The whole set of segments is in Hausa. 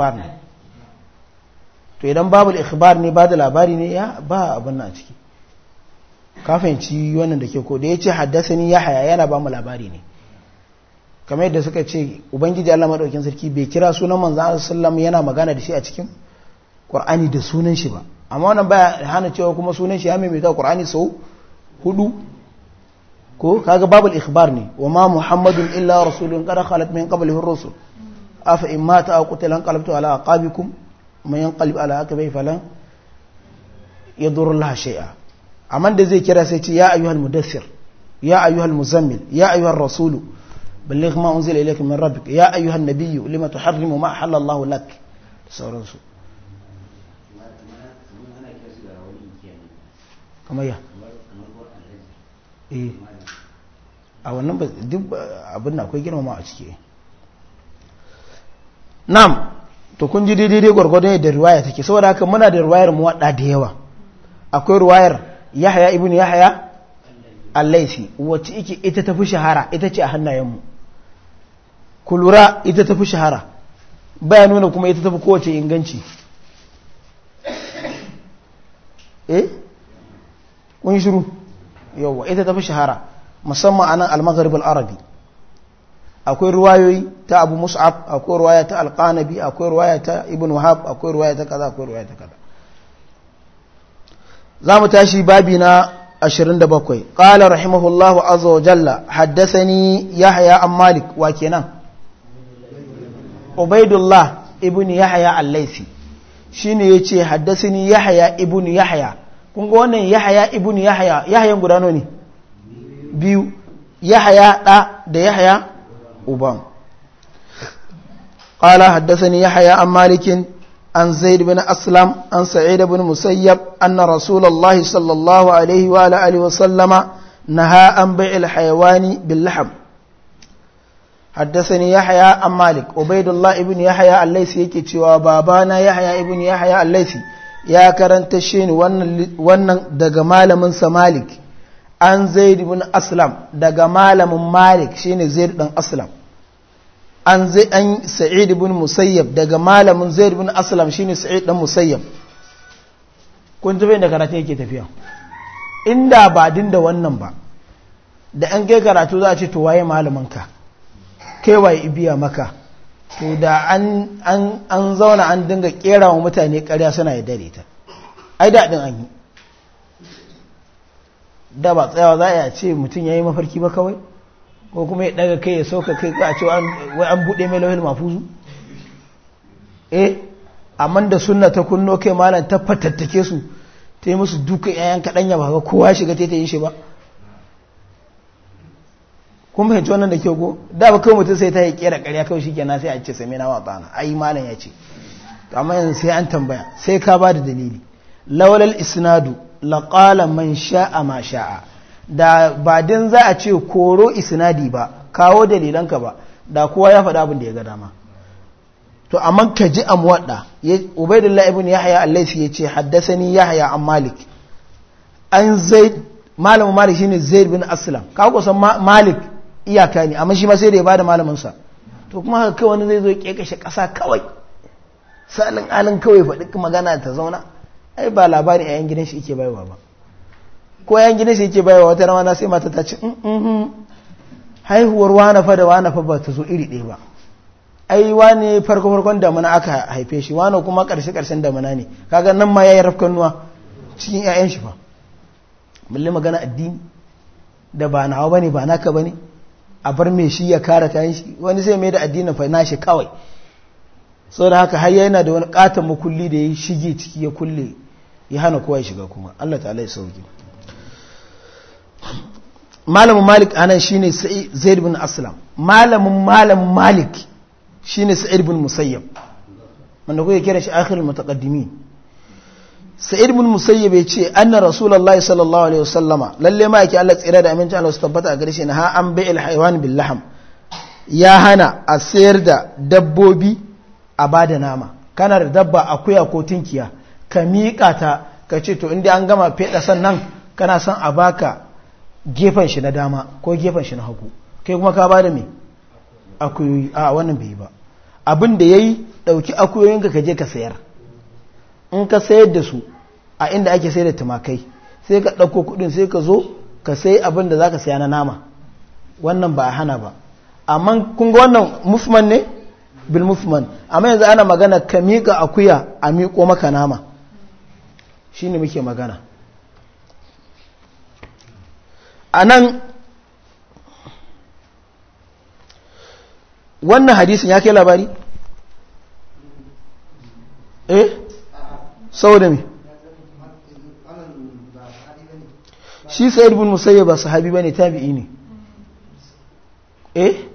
ikhbar ne to idan babu ikhbar ne ba da labari ne ya ba abin nan a ciki ka fahimci wannan da ke ko da ya ce haddasa ni ya haya yana ba mu labari ne kamar yadda suka ce ubangiji Allah daukin sarki bai kira sunan manzon sallam yana magana da shi a cikin qur'ani da sunan shi ba amma wannan baya hana cewa kuma sunan shi ya maimaita qur'ani sau hudu ko kaga babul ikhbar ne wa ma muhammadun illa rasulun qad khalat min qablihi ar-rusul afa in mata a kutalan lan kalabtu ala aqabikum man yanqalib ala akabai falan yadurru laha shay'a amma da zai kira sai ce ya ayyuhal mudaththir ya ayyuhal muzammil ya ayyuhar rasulu balligh ma unzila ilayka min rabbik ya ayyuhan lima tuharrimu ma ahalla Allahu lak sauransu ya eh. a wannan akwai girmama a ciki nam to kun ji daidai gwargwadon da riwaya take saboda haka muna da riwayar muwadda da yawa akwai riwayar yahaya ibn yahaya allaisi wacce ike ita tafi shahara ita ce a hannayenmu ku lura ita tafi shahara baya nuna kuma ita tafi kowace inganci eh kun shiru yawa ita tafi shahara musamman anan al-maghrib al-arabi akwai ruwayoyi ta abu mus'ab akwai ruwaya ta alqanabi akwai ruwaya ta ibn wahab akwai ruwaya ta kaza akwai ruwaya ta kaza mu tashi babi na 27 qala rahimahullahu azza wa jalla haddathani yahya an malik wa kenan ubaidullah ibn yahya al shine yace haddathani yahya ibn yahya kun ga wannan yahya ibn yahya yahyan guda ne biyu yahya da da yahya uban قال حدثني يحيى عن مالك عن زيد بن أسلم عن سعيد بن مسيب أن رسول الله صلى الله عليه وعلى آله وسلم نهى عن بيع الحيوان باللحم حدثني يحيى عن مالك عبيد الله ابن يحيى الليثي yake cewa babana Yahya ibn Yahya al-Laisi ya karanta shi ne wannan daga malamin sa Malik an Zaid ibn Aslam daga malamin Malik shine Zaid dan Aslam an zai an sa'id ibn musayyab daga malamin zaid ibn aslam shine sa'id dan musayyab kun ji da karatu yake tafiya inda ba din da wannan ba da an kai karatu za a ce to waye malamin ka kai waye ibiya maka to da an an an zauna an dinga kera wa mutane ƙarya suna ya dare ta ai da din an yi da ba tsayawa za a ce mutum yayi mafarki ba kawai ko kuma ya daga kai ya sauka kai ka ce wai an bude mai lauyin mafuzu eh amma da sunna ta kunno kai malam ta fatattake su ta yi musu duka yayan kaɗan ya baka kowa shiga ta yi shi ba kun fahimci wannan da ke ko da ba kawai mutum sai ta yi kera karya kawai shi kenan sai a ce sami na a ai malam ya ce amma yanzu sai an tambaya sai ka ba da dalili lawalal isnadu laqala man sha'a ma sha'a da ba din za a ce koro isnadi ba kawo dalilanka ba da kowa ya faɗa abin da ya ga dama to amma ka ji amwadda ubaidullah ibn yahya allaisi yace haddasani yahya an malik an zaid malamin malik shine zaid bin aslam ka ko san malik iyaka ne amma shi ma sai da ya bada malamin sa to kuma haka kai wani zai zo kekashe kasa kawai salin alin kawai faɗi magana ta zauna ai ba labarin a gidan shi yake baiwa ba ko yan gini shi yake bayawa wata rana sai mata ta ce mm, mm, mm. haihuwar wana fa da wana fa ba ta zo iri ɗaya ba ai wane farko farkon damuna aka haife shi wane kuma ƙarshe ƙarshen damuna ne kaga nan ma yayi rafkan nuwa cikin ƴaƴan shi fa mulli magana addini da ba nawa bane ba naka bane a bar me shi ya ta yin shi wani sai mai da addinin fa nashi kawai saboda haka har yana da wani katon makulli da ya shige ciki ya kulle ya hana kowa ya shiga kuma Allah ta'ala ya sauki. malamin malik anan shine zaid bin aslam malamin malamin malik shine sa'id bin musayyab wanda kuke kira shi akhirul mutaqaddimin sa'id bin Musayyab ya ce anna rasulullahi sallallahu alaihi wasallama lalle ma yake Allah tsira da aminci Allah su tabbata a gare shi na ha an bai'il haywan bil laham ya hana a sayar da dabbobi a bada nama kana da dabba akuya ko tinkiya ka miƙa ta ka ce to inda an gama feɗa sannan kana son a baka gefen shi na dama ko gefen shi na hagu kai kuma ka bada me akuyoyi a wannan bai ba abin da yayi dauki akuyoyinka ka je ka sayar in ka sayar da su a inda ake sayar da tumakai sai ka dauko kudin sai ka zo ka sayi abin da zaka saya na nama wannan ba a hana ba amma kun ga wannan musman ne bil musman amma yanzu ana magana ka miƙa akuya a miƙo maka nama shine muke magana a nan wannan hadisin ya kai labari? eh? da shi sa'id bin musayyib ba sahabi ta tabi'i ne eh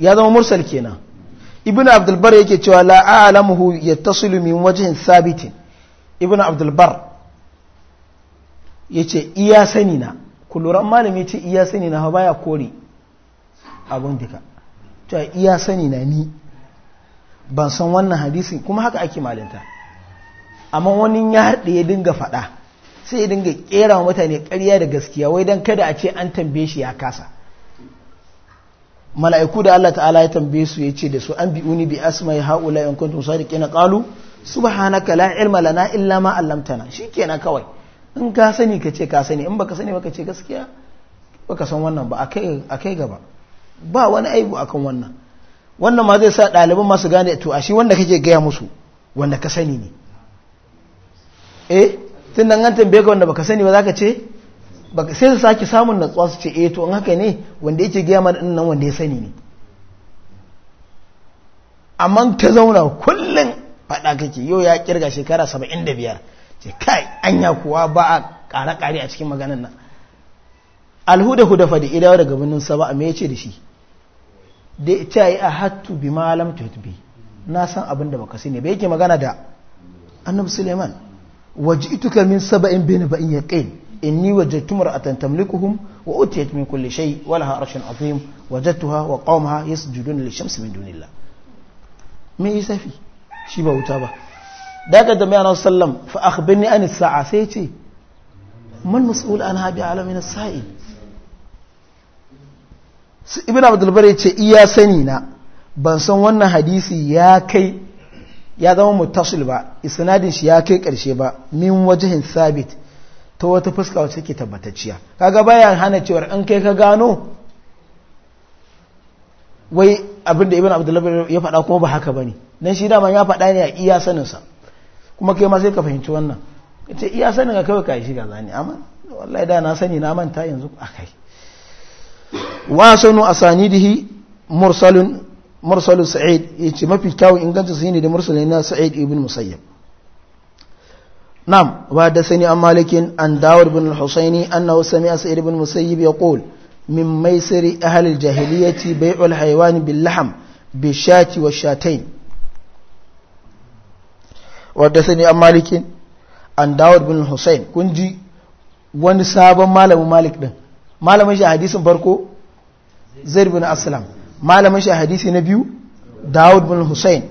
ya zama mursal kenan Ibn Abdulbar yake cewa la ya ta min wajen Sabitin, ibnu Abdulbar ya ce iya sani na Kuluran malami ce iya sani na baya kore abun duka a iya sani na ni ban san wannan hadisin kuma haka ake malinta amma wani ya haɗe ya dinga faɗa sai ya dinga ƙera mutane ƙarya da gaskiya wai don kada a ce an tambaye shi ya kasa mala'iku da Allah ta'ala ya tambaye su ya ce da su an bi'uni bi asma ya haula in kuntum sadiqina qalu subhanaka la ilma lana illa ma 'allamtana shikenan kawai in ka sani ka ce ka sani in baka sani baka ce gaskiya baka san wannan ba a kai gaba ba wani aibu akan wannan wannan ma zai sa ɗaliban masu gane to a shi wanda kake gaya musu wanda ka sani ne eh tun nan an tambaye ka wanda baka sani ba za ka ce sai su sake samun natsuwa su ce eh to in haka ne wanda yake gaya mana nan wanda ya sani ne amma ka zauna kullum faɗa kake yau ya kirga shekara saba'in da biyar ce kai anya kuwa ba a ƙare a cikin maganan nan alhuda huda faɗi idawa daga birnin saba me yace da shi da ita yi a hattu bi malam tutbi na san abin da baka ne ba yake magana da annabi suleiman wajituka min saba'in bin ba'in yaqin inni wajadtu mar'atan tamlikuhum wa utiyat min kulli shay wa laha arshun azim wajadtuha wa qaumaha yasjuduna lishamsi min dunillah me safi shi ba wuta ba da aka tambaya sallam fa akhbirni an sa'a sai ce man mas'ul an habi alamin sa'i ibn abdul ya ce iya sani na ban san wannan hadisi ya kai ya zama mutasul ba isnadin shi ya kai karshe ba min wajihin sabit ta wata fuska wacce ke tabbatacciya kaga baya hana cewar an kai ka gano wai abinda ibn abdul ya faɗa kuma ba haka ba ne dan shi dama ya faɗa ne a iya saninsa kuma kai ma sai ka fahimci wannan ce iya sani ga kawai ka yi shiga zani amma wallahi da na sani na manta yanzu a kai wa sanu asani dihi mursalun mursalu sa'id yace mafi kyawun inganta sai ne da mursalin na sa'id ibn musayyib nam wa da sani an malikin an bin ibn al-husaini annahu sami'a sa'id ibn ya yaqul min maisiri ahli al-jahiliyyati bai'ul haywan bil laham bi shati wa shatain. sani an malikin an Dawud bin بن kun ji wani sabon malamin malik din malamin shi a hadisin farko zaid bin aslam malamin shi a hadisi na biyu Dawud bin husain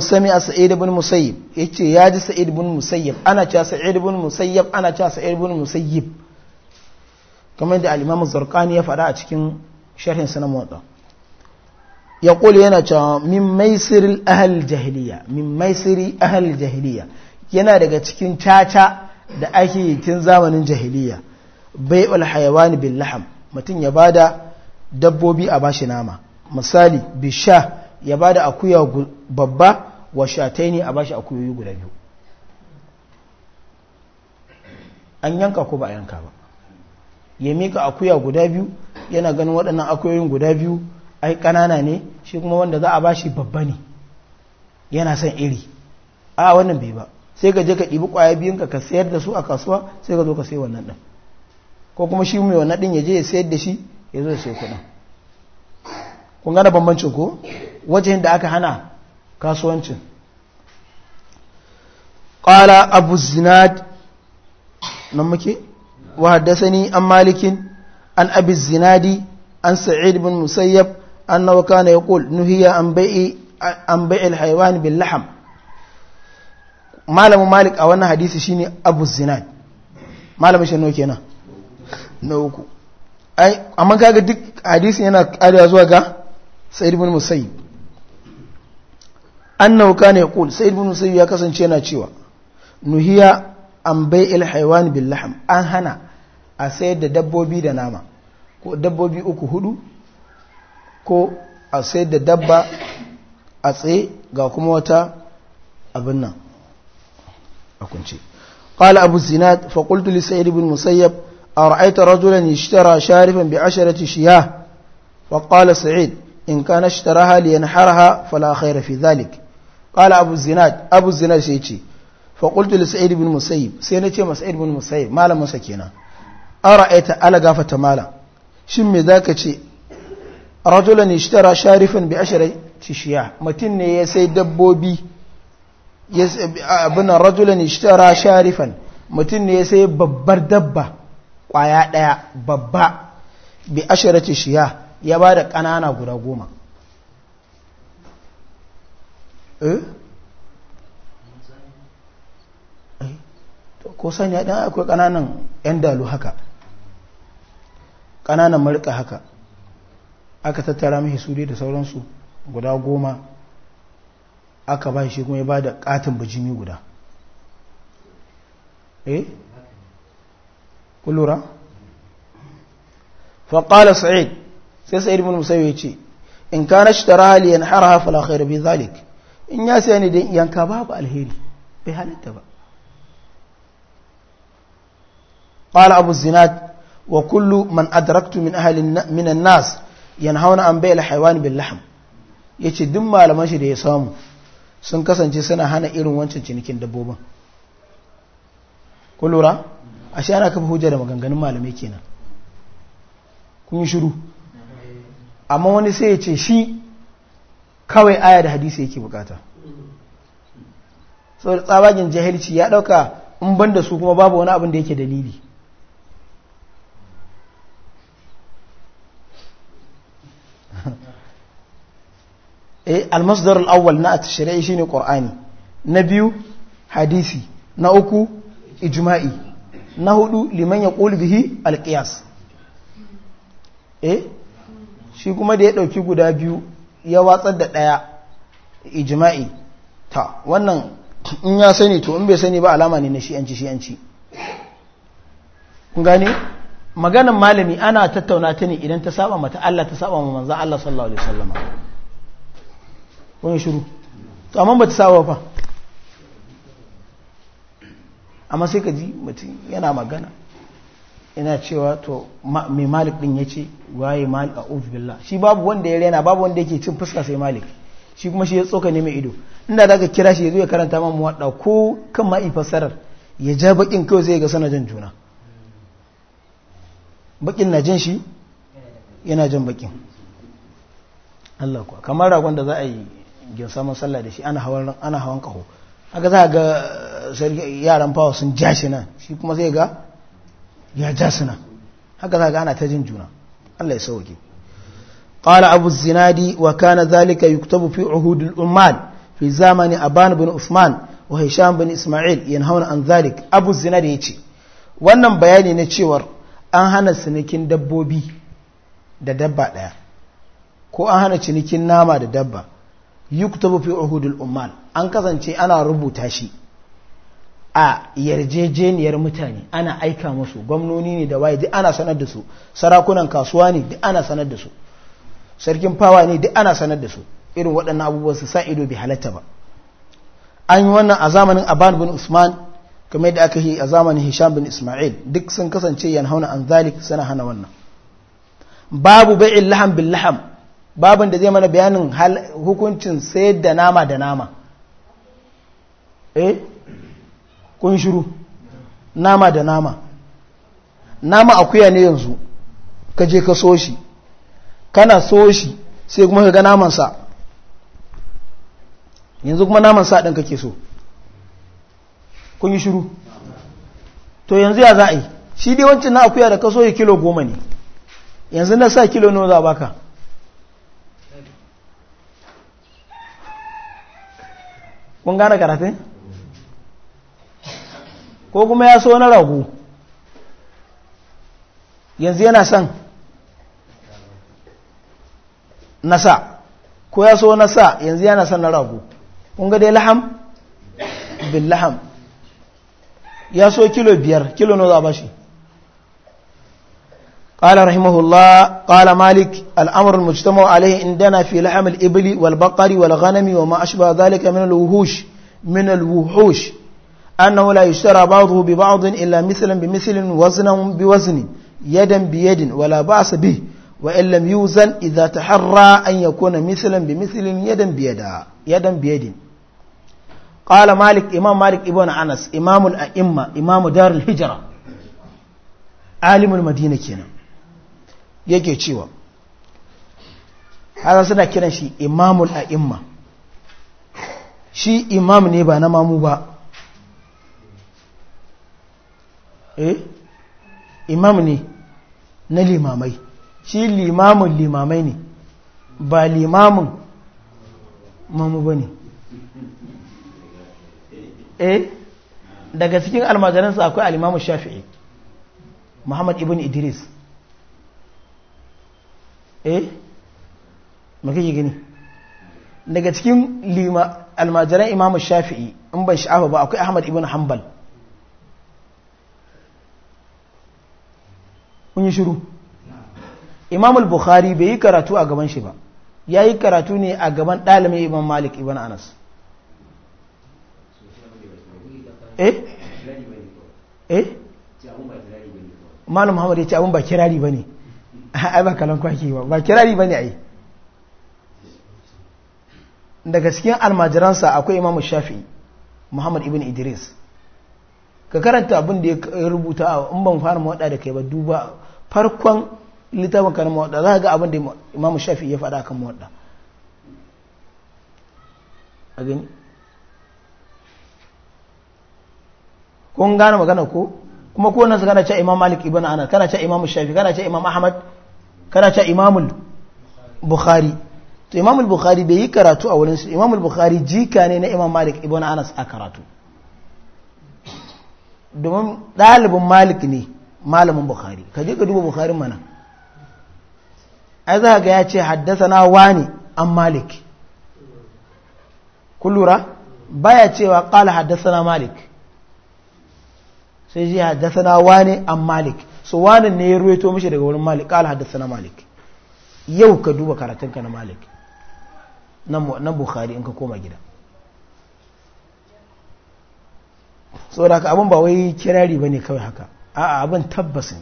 sami a sa'id bin musayyib ce ya ji sa'id bin musayyib ana cewa sa'id bin musayyib ana cewa sa'id bin musayyib kamar da al'imamu zarkani ya faɗa a cikin sharhin sunan muwatta ya kula yana cewa min maisir ahal jahiliya min maisiri ahal jahiliya yana daga cikin caca da ake yi zamanin jahiliya bai alhayawani bil laham mutum ya bada dabbobi a bashi nama misali bisha ya bada akuya babba wa shataini a bashi akuyoyi guda biyu an yanka ko ba a yanka ba ya mika akuya guda biyu yana ganin waɗannan akuyoyin guda biyu ai ƙanana ne shi kuma wanda za a ba shi babba ne yana son iri a wannan bai ba sai ka je ka ɗibi ƙwaya biyun ka sayar da su a kasuwa sai ka zo ka sai wannan ɗin ko kuma shi mai wannan ɗin ya je ya sayar da shi ya zo ya sai kuɗin kun gana bambancin ko wajen da aka hana kasuwancin Ƙwala abu zinad nan muke wa haddasa ni an malikin an abu zinadi an sa'id bin musayyab أنه كان يقول نهي عن بيع عن بيع الحيوان باللحم مالم مالك أو حديث شيني أبو الزناد مالم شنو كنا نوكو أما kaga duk hadisi yana ƙarewa zuwa ga Sa'id ibn Musayyib annahu kana yaqul Sa'id ibn Musayyib ya kasance yana cewa nuhiya an bai'il haywan bil lahm an hana a sayar da dabbobi da nama ko dabbobi uku hudu ko a sai da dabba a tsaye ga kuma wata abin nan a kunce ƙala abu zinad faƙultuli sayar ibn musayyab a ra'aita rajulan ya shitara sharifin bi asharati shiya wa ƙala sa'id in ka na shitara haliyan har ha falakhaira fi zalik ƙala abu zinad abu zinad sai ce faƙultuli sayar ibn musayyab sai na ce masu sayar ibn musayyab malamansa kenan a ra'aita ala gafata malam shin me za ka ce rajulan ishtara sharifan bi ashra tishiya mutum ne ya sai dabbobi abin rajulan ishtara sharifan mutum ne ya sai babbar dabba kwaya daya babba bi ashra tishiya ya ba da kanana guda goma eh? Eh? ko sanya dan akwai kananan 'yan dalu haka marika haka aka tattara mahi su da sauransu guda goma aka ba shi kuma ya ba da katin bijimi guda eh kullura faƙala sa'id sai sa'id bin musayi ya ce in kana shitara liyan haraha fala khairu bi zalik in ya sai ne dan yanka babu alheri bai halatta ba قال Abu Zinad wa من أدركت من min من nas. yanhauna an bayar haiwan bil laham yace duk malaman shi da ya samu sun kasance suna hana irin wancan cinikin dabbobin ku lura ashe ana kafa hujja da maganganun malamai kenan kun yi shiru amma wani sai yace shi kawai aya da hadisi yake bukata saboda tsabagen jahilci ya dauka in ban da su kuma babu wani abin da yake dalili eh almasdar al'awwal na at-shari'i shine qur'ani na biyu hadisi na uku ijma'i na hudu liman ya bihi alqiyas eh shi kuma da ya dauki guda biyu ya watsar da daya ijma'i ta wannan in ya sani to in bai sani ba alama ne na shi'anci shi'anci kun gane maganan malami ana tattauna ta ne idan ta saba mata Allah ta saba wa manzon Allah sallallahu alaihi wasallam wani shiru to amma ba ta saba fa amma sai ka ji mutum yana magana yana cewa to mai malik din ya ce waye malik a billah shi babu wanda ya rena babu wanda yake cin fuska sai malik shi kuma shi ya tsoka ne mai ido inda daga kira shi ya zo ya karanta mamu wadda ko kan ma'i fassarar ya ja bakin kawai zai ga sanajin juna bakin na jin shi yana jan bakin Allah kuwa kamar ragon da za a yi ginsamin sallah da shi ana hawan kaho za ga eh, yaran fawa sun ja nan shi kuma zai ga ya ja nan haka za ga ana ta jin juna Allah ya sauke قال أبو الزنادي وكان ذلك يكتب في عهود bani bin usman wa بن bin ismail yin hauna an zalik abu zinadi ya ce wannan bayani na cewar an hana cinikin dabbobi da dabba ɗaya ko an hana cinikin nama da dabba yuktabu fi uhudul umman an kasance ana rubuta shi a yarjejeniyar mutane ana aika musu gwamnoni ne da waye duk ana sanar da su sarakunan kasuwa ne duk ana sanar da su sarkin fawa ne duk ana sanar da su irin waɗannan abubuwan su sa ido bi halatta ba an yi wannan a zamanin aban bin usman kamar da aka yi a zamanin hisham bin isma'il duk sun kasance yan hauna an zalik suna hana wannan babu bai'in laham bin laham babin da zai mana bayanin hukuncin sayar da nama da nama eh kun shiru nama da nama nama akuya ne yanzu ka je ka so shi kana so shi sai kuma ka ga namansa yanzu kuma namansa ɗin kake so kun yi shiru to yanzu ya za a yi shi dai wancan na akuya da ka so yi kilo goma ne yanzu na sa kilo nuna za a baka kun gane karatun ko kuma ya so na ragu? yanzu yana son nasa ko ya so nasa yanzu yana son na ragu. kun ga dai laham Bin laham ya so kilo biyar kilo na za shi? قال رحمه الله قال مالك الأمر المجتمع عليه عندنا في لحم الإبل والبقر والغنم وما أشبه ذلك من الوحوش من الوحوش أنه لا يشترى بعضه ببعض إلا مثلا بمثل وزنا بوزن يدا بيد ولا بأس به وإن لم يوزن إذا تحرى أن يكون مثلا بمثل يدا بيدا يدا بيد قال مالك إمام مالك ابن أنس إمام الأئمة إمام دار الهجرة عالم المدينة كنا yake cewa haza suna kiran shi imamul a'imma shi imam ne ba na mamu ba eh imam ne na limamai shi limamun limamai ne ba limamun mamu ba ne eh daga cikin almajaransa akwai alimamu shafi'i muhammad ibn idris eh maka yi gini daga cikin lima almajiran imamu shafi'i in ban sha'afa ba akwai ahmad ibn hanbal kun yi shiru imamu bukhari bai yi karatu a gaban shi ba ya yi karatu ne a gaban ɗalibin imam malik ibn anas eh eh malam muhammad ya ce abin ba kirari ba ne ai ba kalan kwaki ba ba kirari ba ne ai daga cikin almajiransa akwai imamu shafi muhammad ibn idris ka karanta abin da ya rubuta a umban ban fara mawaɗa da kai ba duba farkon littafin kan mawaɗa za ka ga abin da imamu shafi ya faɗa kan mawaɗa a gani kun gane magana ko kuma ko nan kana ce imam malik ibn anas kana ce imam shafi kana ce imam ahmad kana ce imam bukhari to imam bukhari bai yi karatu a wurin su imam bukhari jika ne na imam malik ibn anas a karatu domin dalibin malik ne malamin bukhari ka je ka duba bukhari mana ai za ga ya ce haddasa na wani an malik kun lura baya cewa ƙala haddasa na malik sai ji na wani an malik so wani ne ya ruwaito mishi daga wurin malik haddasa na malik yau ka duba karatunka na malik nan bukhari in ka koma gida saboda ka abin ba wai kirari ba ne kawai haka a abin tabbasin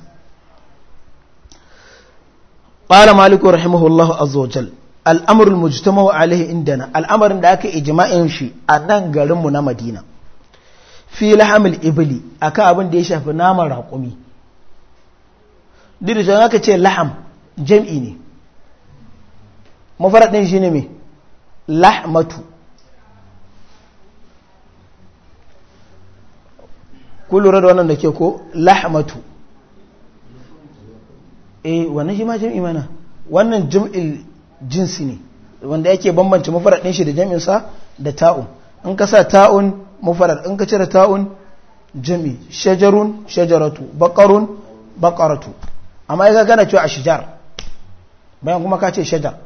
qala malik rahimahullah azza al'amurin mujtama mujtama'u alihi indana al'amarin da aka ijima'in shi a nan garinmu na madina fi lahamil ibli akan abin da ya shafi naman raƙumi dirjan aka ce laham jam'i ne mafaradin shi ne mai lahmatu ku lura da wannan da ke ko lahmatu eh wannan shi ma jam'i mana wannan jam'il jinsi ne wanda yake bambance mafaradin shi da jam'insa da ta'un in ka sa ta'un mufarar in ka cire ta'un jami shajarun shajaratu bakarun bakaratu amma ya gana cewa a shijar bayan kuma ka ce shajar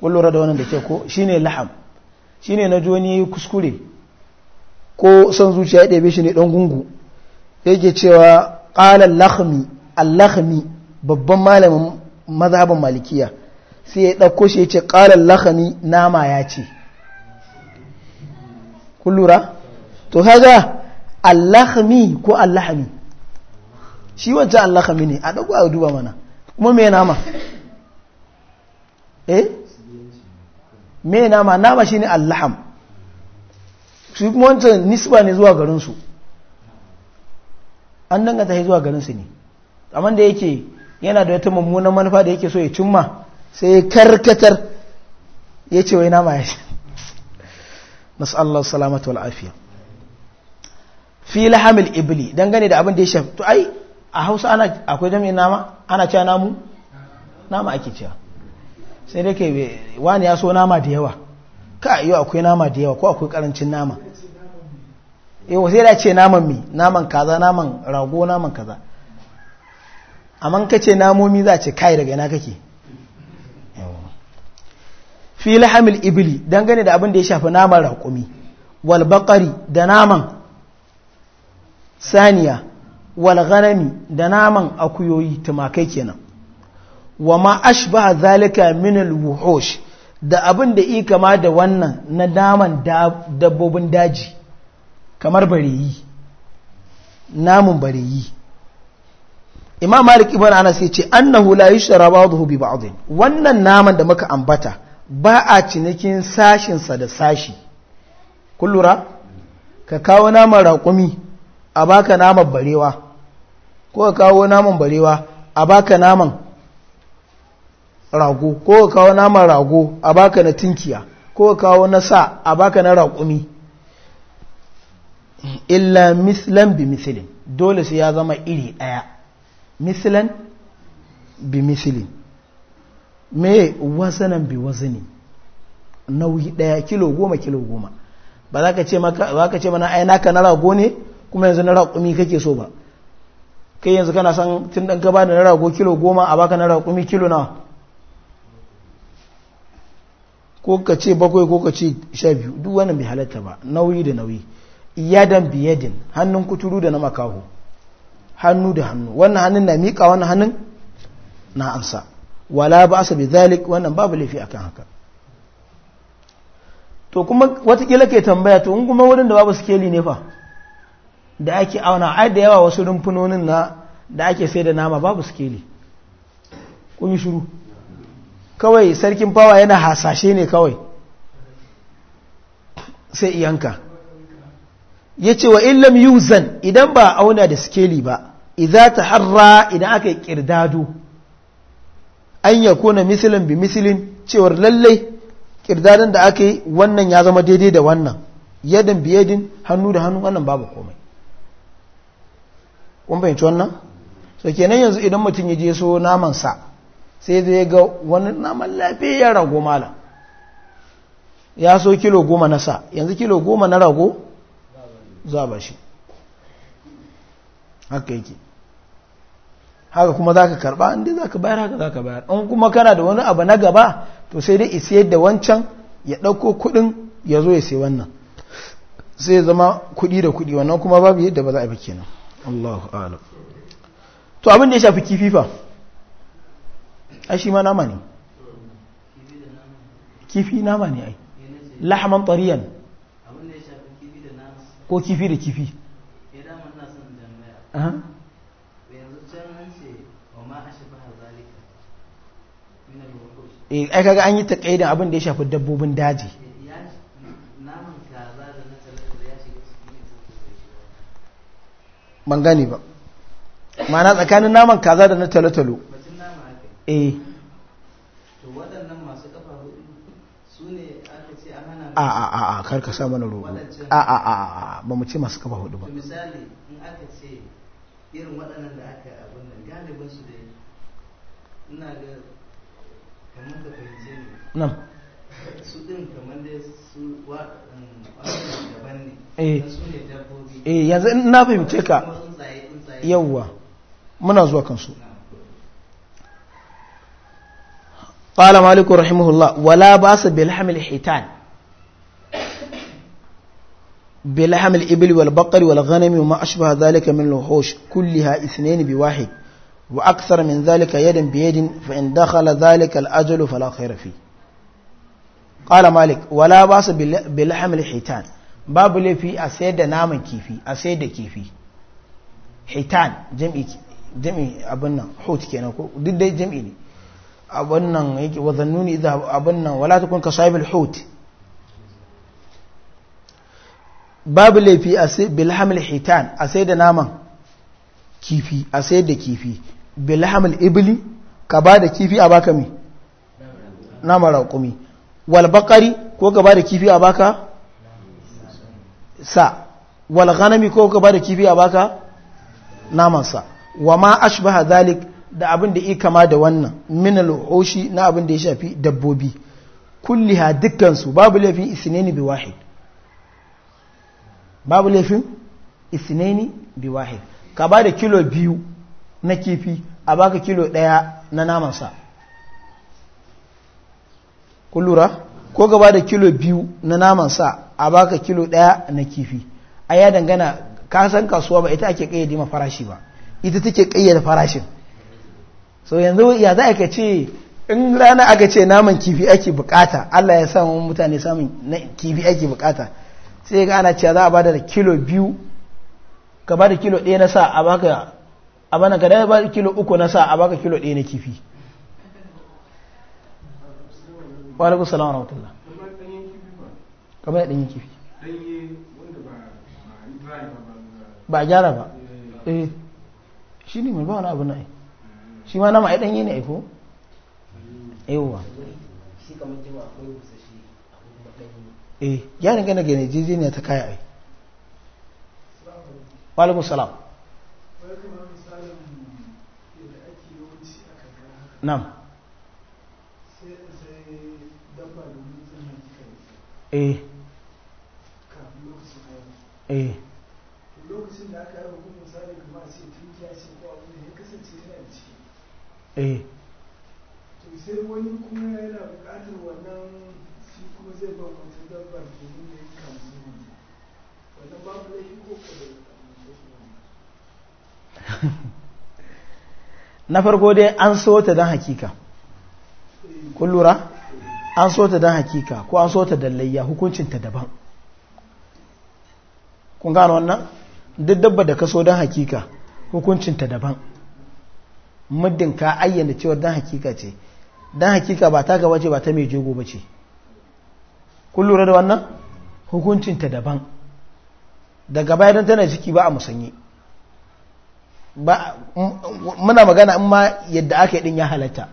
kullura da wannan da ke ko shi ne laham ne na joni kuskure ko son zuciya ya ɗabe shi ne ɗan gungu yake cewa ƙalar lahami allahami babban malamin mazhabin malikiya sai ya ɗauko shi ya ce ƙalar lahami nama ya ce kun lura to haga allahami ko allahami shi wancan allahami ne a ɗago a duba mana kuma me nama eh me nama nama shi ne allaham su kuma wancan nisba ne zuwa garinsu an danganta shi zuwa garinsu ne amma da yake yana da wata mummunan manufa da yake so ya cimma sai ya karkatar ya ce wai nama ya shi nasallallahu salamatu wal afiya fi lahamil ibli dangane da abin da ya shafi to ai a hausa ana akwai jami'in nama ana cewa namu nama ake cewa sai dai ke wani ya so nama da yawa ka yau akwai nama da yawa ko akwai karancin nama yau sai da ce naman mi naman kaza naman rago naman kaza amma ka ce namomi za a ce kai daga ina kake fi lahamil ibili dangane da abin da ya shafi naman raƙumi wal da naman saniya wal da naman akuyoyi tumakai kenan wa ma ashbaha zalika min al wuhush da abin da yi kama da wannan na naman dabbobin daji kamar bareyi namun bareyi imam malik ibn anas yace annahu la yushra ba'dahu bi ba'd wannan naman da muka ambata ba a cinikin sashinsa da sashi kullura ka kawo naman raƙumi a baka naman barewa ko ka kawo naman barewa a baka naman rago ko ka kawo naman rago a baka na tinkiya ko ka kawo na sa a baka na raƙumi illa mislan bi mislin dole sai ya zama iri ɗaya mislan bi mislin me wasanan bi wasani nauyi daya kilo goma kilo goma ba za ka ce maka ba ka ce mana ai naka na rago ne kuma yanzu na raƙumi kake so ba kai yanzu kana san tun dan ka bada na rago kilo goma a baka na raƙumi kilo na ko ka ce bakwai ko ka ce sha biyu duk wannan bai halatta ba nauyi da nauyi iyadan biyadin hannun kuturu da na makaho hannu da hannu wannan hannun na miƙa wannan hannun na ansa wala ba asa bi zalik wannan babu laifi akan haka to kuma watakila ke tambaya to in kuma wurin da babu sikeli ne fa da ake auna ai da yawa wasu rumfunonin na da ake sai da nama babu sikeli kun yi shuru kawai sarkin fawa yana hasashe ne kawai sai iyanka ya ce wa illam yuzan idan ba auna da sikeli ba idza taharra idan aka yi kirdado an ya kona misilin bi misilin cewar lallai kirdadin da aka yi wannan ya zama daidai da wannan yadin bi yadin hannu da hannu wannan babu komai kun fahimci wannan so kenan yanzu idan mutum ya je so sa sai zai ga wani naman lafiyar rago malam ya so kilo goma na sa yanzu kilo goma na rago za ba shi haka yake haka kuma za ka karba inda za ka bayar haka za ka bayar in kuma kana da wani abu na gaba to sai dai isiyar da wancan ya ɗauko kuɗin ya zo ya sai wannan sai zama kuɗi da kuɗi wannan kuma babu yadda ba za a bi kenan Allahu a'lam to abin da ya shafi kifi fa a shi ma nama ne kifi nama ne ai lahaman tariyan ko kifi da kifi eh, ya eh ai kaga an yi takaidin abin da ya shafi dabbobin daji ban gane ba Ma'ana tsakanin naman kaza da na talotalo eh a a a a ka sa mana rogo a a a a ba mu ce masu kafa hudu ba misali in aka ce irin waɗannan da aka abin nan galibin su da ina ga kamar ka fahimce ne nan su din kamar da su um, daban ne eh. su ne dabbobi eh yanzu in na fahimce ka yawwa muna zuwa kansu قال مالك رحمه الله ولا باس بلحم الحيتان بلحم الإبل والبقر والغنم وما أشبه ذلك من الوحوش كلها اثنين بواحد wa aksar min zalika yadin biyadin fa in dakhala ajalu al fala khayra fi qala malik wala basu bil hamil hitan babu lafi a sai da naman kifi a da kifi hitan jami jami nan hut kenan ko duk jami ne nan yake wa nan wala takun ka sahib babu lafi a sai bil hamil da naman kifi a sayar da kifi bilhamul ibli ka ba da kifi a baka mi na raƙumi wal bakari ko ka ba da kifi a baka sa wal ganami ko ka ba da kifi a baka namansa wa ma ashbaha zalik da abin da ya kama da wannan min al na abin da ya shafi dabbobi kulliha dukkansu babu laifin isnani bi wahid babu laifin isnani bi wahid ka ba da kilo biyu na kifi a baka kilo daya na namansa kullura ko ka ba da kilo biyu na namansa a baka kilo daya na kifi a ya dangana kasan kasuwa ba ita ake kayyade ma farashi ba ita take kayyade farashin so yanzu ya za a ce in rana aka ce naman kifi ake bukata allah ya samu mutane samun kifi ake bukata sai ga ana cewa za a bada da kilo biyu ka ba da kilo ɗaya na sa a baka a bana ka ba da kilo uku na sa a baka kilo ɗaya na kifi wa alaikum salam wa rahmatullah kamar ya ɗanyen kifi ba a gyara ba eh shi ne mai ba wani abu na yi shi ma nama ai ɗanye ne ai ko yawwa eh gyaran gane gane jijiniya ta kaya ai walaikun salam Na. eh eh lokacin da aka yi sai wani kuma yana bukatar wannan shi kuma zai ba mutum dabbar domin babu laifi ko na farko dai an so ta don hakika kun lura an so ta don hakika ko an so ta dallayya layya hukuncinta daban kun gano wannan duk dabba da ka so dan hakika hukuncinta daban muddin ka ayyana cewar don hakika ce don hakika ba ta gaba ce ba ta mai jego ba ce kun lura da wannan hukuncinta daban daga bayan tana ciki ba a musanyi muna magana in ma yadda aka yi din ya halatta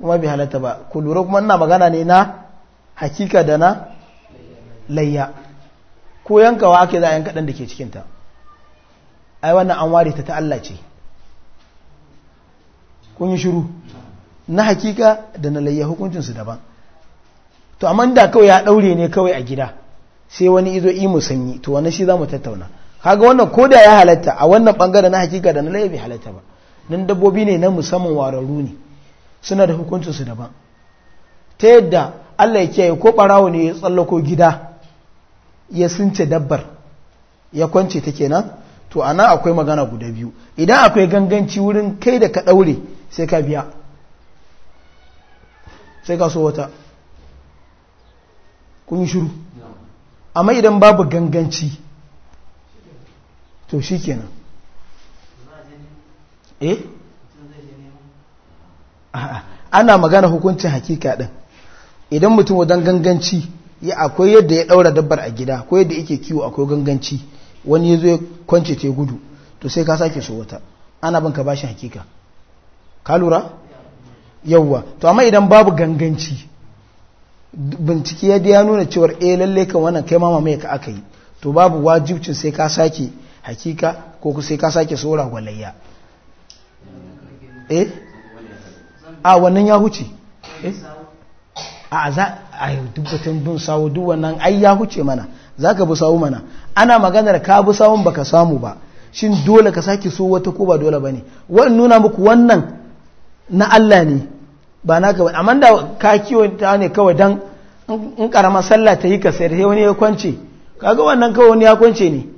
kuma bai halatta ba ku lura kuma ina magana ne na hakika da na layya ko yankawa ake za a yanka da ke cikinta ai wannan an ware ta ta Allah ce kun yi shiru na hakika da na layya hukuncinsu daban to amma da kawai ya ɗaure ne kawai a gida sai wani izo imu sanyi to wani shi za mu tattauna kaga wannan ko da ya halatta a wannan bangare na hakika da na laifi halatta ba nan dabbobi ne na musamman wararru ne suna da hukuncin su daban ta yadda Allah ya kiyaye ko barawo ne ya tsallako gida ya sunce dabbar ya kwance ta kenan to ana akwai magana guda biyu idan akwai ganganci wurin kai da ka daure sai ka biya sai ka so wata kun shiru amma idan babu ganganci to shi kenan eh ana magana hukuncin hakika din idan mutum wajen ganganci ya akwai yadda ya daura dabbar a gida ko yadda yake kiwo akwai ganganci wani ya zo ya kwance te gudu to sai ka sake so wata ana bin ka bashi hakika ka lura yawwa to amma idan babu ganganci bincike ya ya nuna cewar eh lalle kan wannan kai ma mamaye ka aka yi to babu wajibcin sai ka sake hakika ko sai ka sake tsora gwalayya eh? a wannan ya huce eh? bin sawo duk wannan ai ya huce mana za ka bi sawo mana ana maganar ka bi sawon baka samu ba shin dole ka sake so wata ko ba dole ba ne wani nuna muku wannan na Allah ne ba na gaba amma da ka kiwo ta ne kawai dan in karama sallah ta yi ka sayar sai wani ya kwance kaga wannan kawai wani ya kwance ne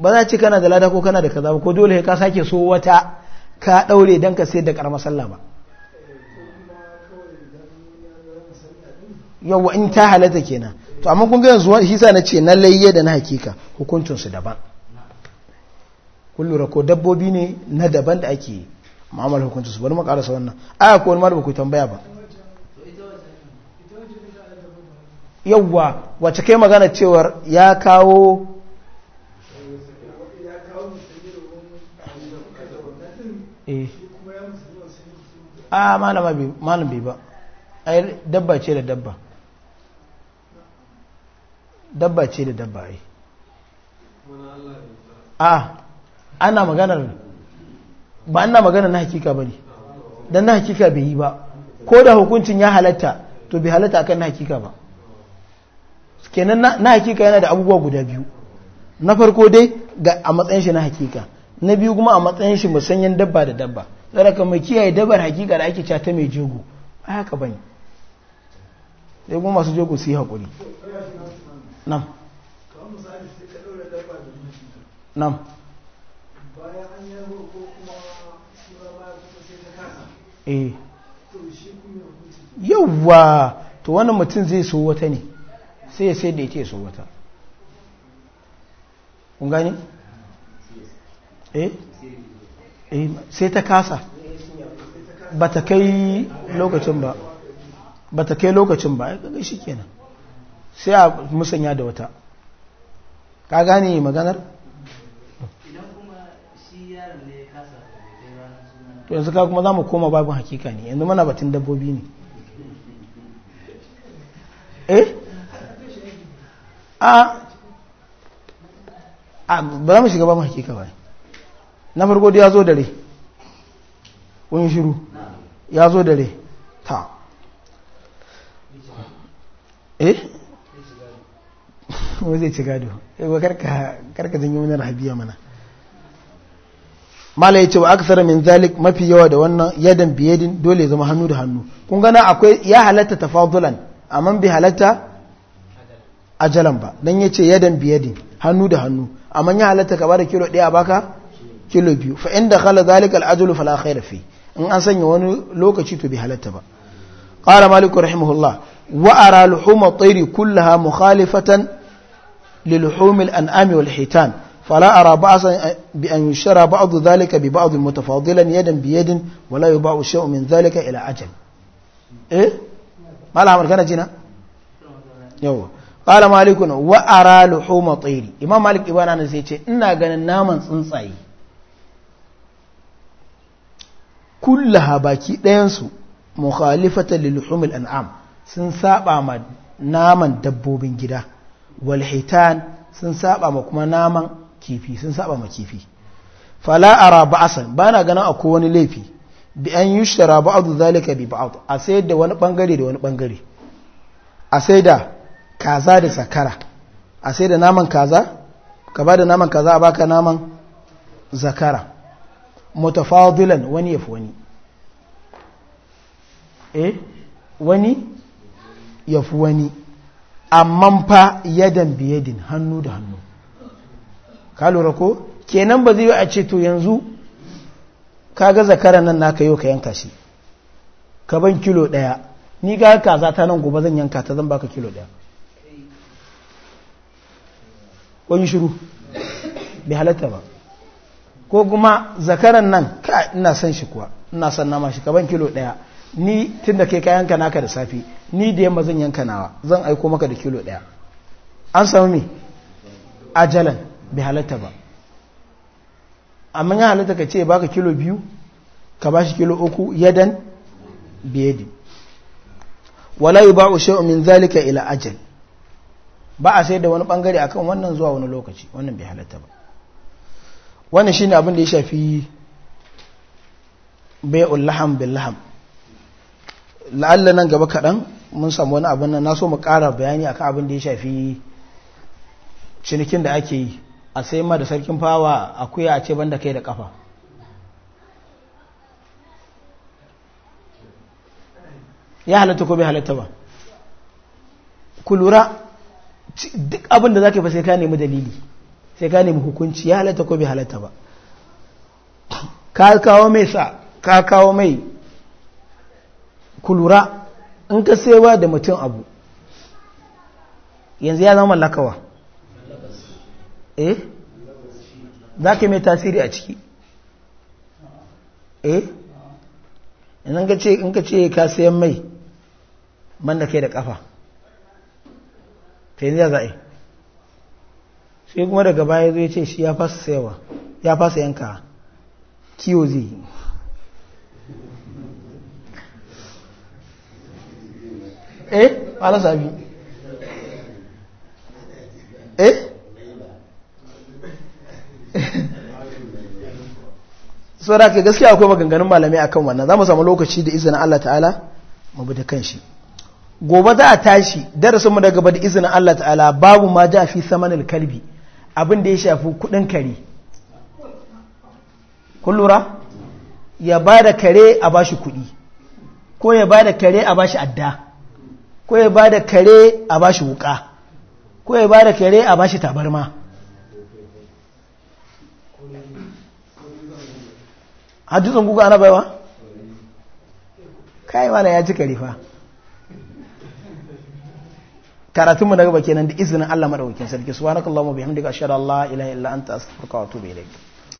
ba za ce kana da lada ko kana da kaza ba ko dole ka sake so wata ka daure dan ka sayar da karamar sallah ba yawa in ta halatta kenan to amma kun ga yanzu shi sa na ce na layye da na hakika hukuncin su daban kun ko dabbobi ne na daban da ake mu'amala hukuncin su bari mu karasa wannan aya ko wani ba ku tambaya ba yawa wace kai magana cewar ya kawo eh a ah, malama bi malam bi ba ai dabba ce da dabba dabba ce da dabba ai a ah, ana maganar ba ana maganar na hakika ba ne don na hakika bai yi ba ko da hukuncin ya halatta to bai halatta akan na hakika ba kenan na hakika yana da abubuwa guda biyu na farko dai a matsayin shi na hakika na biyu kuma a matsayin shi musanyen dabba da dabba tsaraka mai kiyaye dabar hakika da ake ta mai jogo a haka bane sai kuma masu jogo su yi haƙuri nam nam eh. yawwa to wani mutum zai so wata ne sai ya sai da ya ce so wata kun Eh? Eh, sai ta kasa ba ta kai lokacin ba ba ta kai lokacin ba ya kaga shi kenan sai a musanya da wata ka gane maganar to yanzu ka kuma za mu koma babin hakika ne yanzu mana batun dabbobi ne eh a ah. ah, ba za mu shiga babin hakika ba ne na farko da ya zo dare wani shiru ya zo dare ta eh wani zai ci gado eh, karka yi wani rahabiya mana mala ya ce wa aka min zalik mafi yawa da wannan yadan biyadin dole zama hannu da hannu kun gana akwai ya halatta fadulan amma bi halatta ajalan ba dan ya ce yadan biyadin hannu da hannu amma ya halatta ka bada kilo daya baka kilo biyu fa inda khala zalika al-ajlu fala khayra fi in an sanya wani lokaci to bi halatta ba qala malik rahimahullah wa ara luhum at-tayr kullaha mukhalifatan li luhum al-an'am wal hitan فلا أرى بأسا بأن يشترى بعض ذلك ببعض متفاضلا يدا بيد ولا يباع شيء من ذلك إلى أجل إيه ما العمل كان جنا يوه قال مالك وأرى لحوم malik إمام مالك إبانا ce ina ganin naman tsuntsaye. kullaha baki ɗayansu lil lilhumil an'am sun saba ma naman dabbobin gida hitan sun saba ma kuma naman kifi sun saba ma kifi fala ara ba'asan bana ganin akwai wani laifi bi an yushtara ba'adu zalika bi ba'd a sayar da wani bangare da wani bangare a sayar da kaza da zakara a sayar da naman kaza ka ba da naman kaza a baka naman zakara mutafadilan wani ya wani eh wani ya fi wani amma fa yadan biyadin hannu da hannu ka lura ko kenan ba zai yi a ce to yanzu ka ga zakara nan naka yau ka yanka shi ka ban kilo ɗaya ni ga kaza ta nan gobe zan yanka ta zan baka kilo ɗaya wani shiru bai halarta ba ko kuma zakaran nan ka ina son shi kuwa ina son nama shi kaban kilo ɗaya ni tun da kai ka yanka naka da safi ni da yamma zan yanka nawa zan aiko maka da kilo ɗaya an samu me ajalan bai halatta ba amma ya halatta ka ce baka kilo biyu ka ba shi kilo uku yadan biyadi wala yi ba ushe min zalika ila ajal ba a sai da wani bangare akan wannan zuwa wani lokaci wannan bai halatta ba wannan shine abin da ya shafi bai'ul laham bin laham la'alla nan gaba kaɗan mun samu wani abin nan na so mu ƙara bayani akan abin da ya shafi cinikin da ake yi a sai ma da sarkin fawa kuya a ce banda kai da kafa ya halatta ko bai halatta ba ku lura duk abin da za ka yi ka nemi dalili sai ka nemi hukunci ya halatta ko bai halatta ba ka kawo mai sa ka kawo mai kulura in ka saiwa da mutum abu yanzu ya zama mallakawa eh za ka mai tasiri a ciki eh in ka ce ka sayan mai man da kai da kafa ta yanzu ya za'a sai kuma daga baya zai ce shi ya fasa sayawa ya fasa yanka kiyo zai yi eh ala sabi eh so da ke gaskiya akwai maganganun malamai kan wannan za mu samu lokaci da izinin Allah ta'ala mu bi da shi gobe za a tashi darasinmu daga ba da izinin Allah ta'ala babu ma ja fi samanin kalbi abin da ya shafi kudin kare kun ya ba da kare a ba shi kudi ko ya ba da kare a ba shi adda ko ya ba da kare a ba shi wuka ko ya ba da kare a ba shi tabarma hajjutsun guga ana baiwa kayi mana ya ci karifa karatun mu na kenan da izinin Allah madaukakin sarki subhanakallahumma bihamdika ashhadu an la ilaha illa anta astaghfiruka wa atubu ilaik